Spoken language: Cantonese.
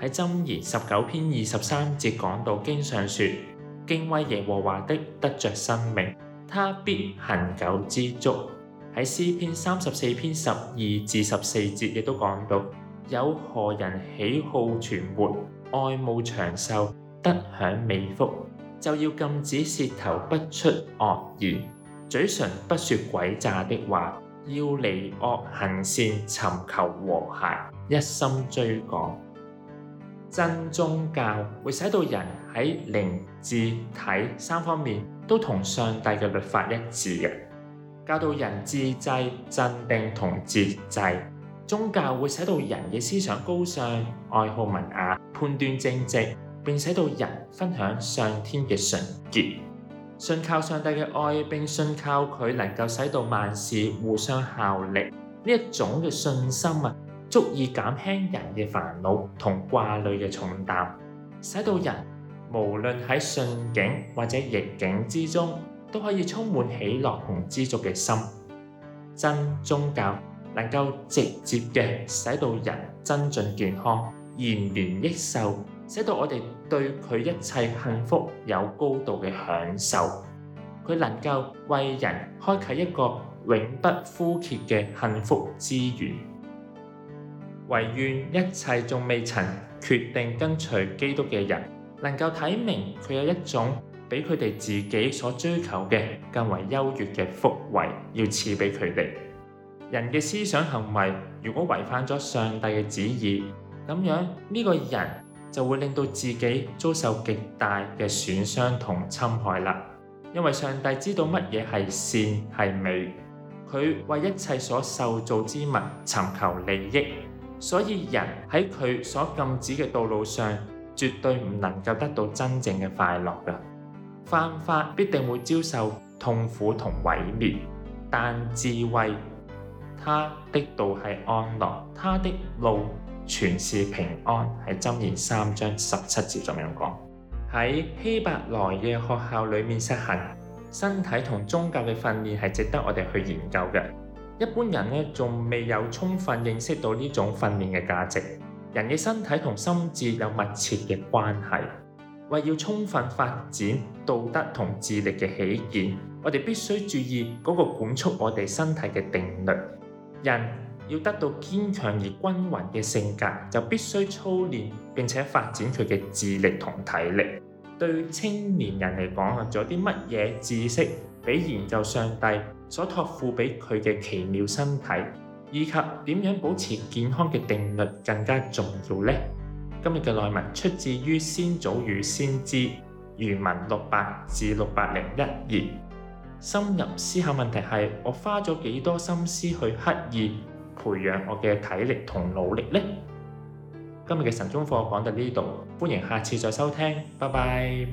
喺箴言十九篇二十三節講到經上說，經常說，敬畏耶和華的得着生命，他必恒久知足。喺詩篇三十四篇十二至十四節亦都講到，有何人喜好存活，愛慕長壽，得享美福，就要禁止舌頭不出惡言，嘴唇不說詭詐的話，要離惡行善，尋求和諧，一心追趕。真宗教會使到人喺靈、智、體三方面都同上帝嘅律法一致嘅，教導人自制、鎮定同節制。宗教會使到人嘅思想高尚，愛好文雅，判斷正直，並使到人分享上天嘅純潔，信靠上帝嘅愛，並信靠佢能夠使到萬事互相效力呢一種嘅信心啊！足以減輕人嘅煩惱同掛慮嘅重擔，使到人無論喺順境或者逆境之中，都可以充滿喜樂同知足嘅心。真宗教能夠直接嘅使到人增進健康、延年益壽，使到我哋對佢一切幸福有高度嘅享受。佢能夠為人開啟一個永不枯竭嘅幸福之源。唯願一切仲未曾決定跟隨基督嘅人，能夠睇明佢有一種比佢哋自己所追求嘅更為優越嘅福惠要賜俾佢哋。人嘅思想行為如果違反咗上帝嘅旨意，咁樣呢個人就會令到自己遭受極大嘅損傷同侵害啦。因為上帝知道乜嘢係善係美，佢為一切所受造之物尋求利益。所以人喺佢所禁止嘅道路上，絕對唔能夠得到真正嘅快樂噶。犯法必定會遭受痛苦同毀滅，但智慧，他的道係安樂，他的路全是平安。喺《箴言》三章十七節咁樣講，喺希伯來嘅學校裏面實行身體同宗教嘅訓練，係值得我哋去研究嘅。一般人咧，仲未有充分認識到呢種訓練嘅價值。人嘅身體同心智有密切嘅關係。為要充分發展道德同智力嘅起見，我哋必須注意嗰個管束我哋身體嘅定律。人要得到堅強而均勻嘅性格，就必須操練並且發展佢嘅智力同體力。對青年人嚟講啊，仲有啲乜嘢知識比研究上帝所託付俾佢嘅奇妙身體，以及點樣保持健康嘅定律更加重要呢？今日嘅內文出自於先祖與先知，原文六百至六百零一頁。深入思考問題係：我花咗幾多心思去刻意培養我嘅體力同努力呢？今日嘅晨鐘課講到呢度，歡迎下次再收聽，拜拜。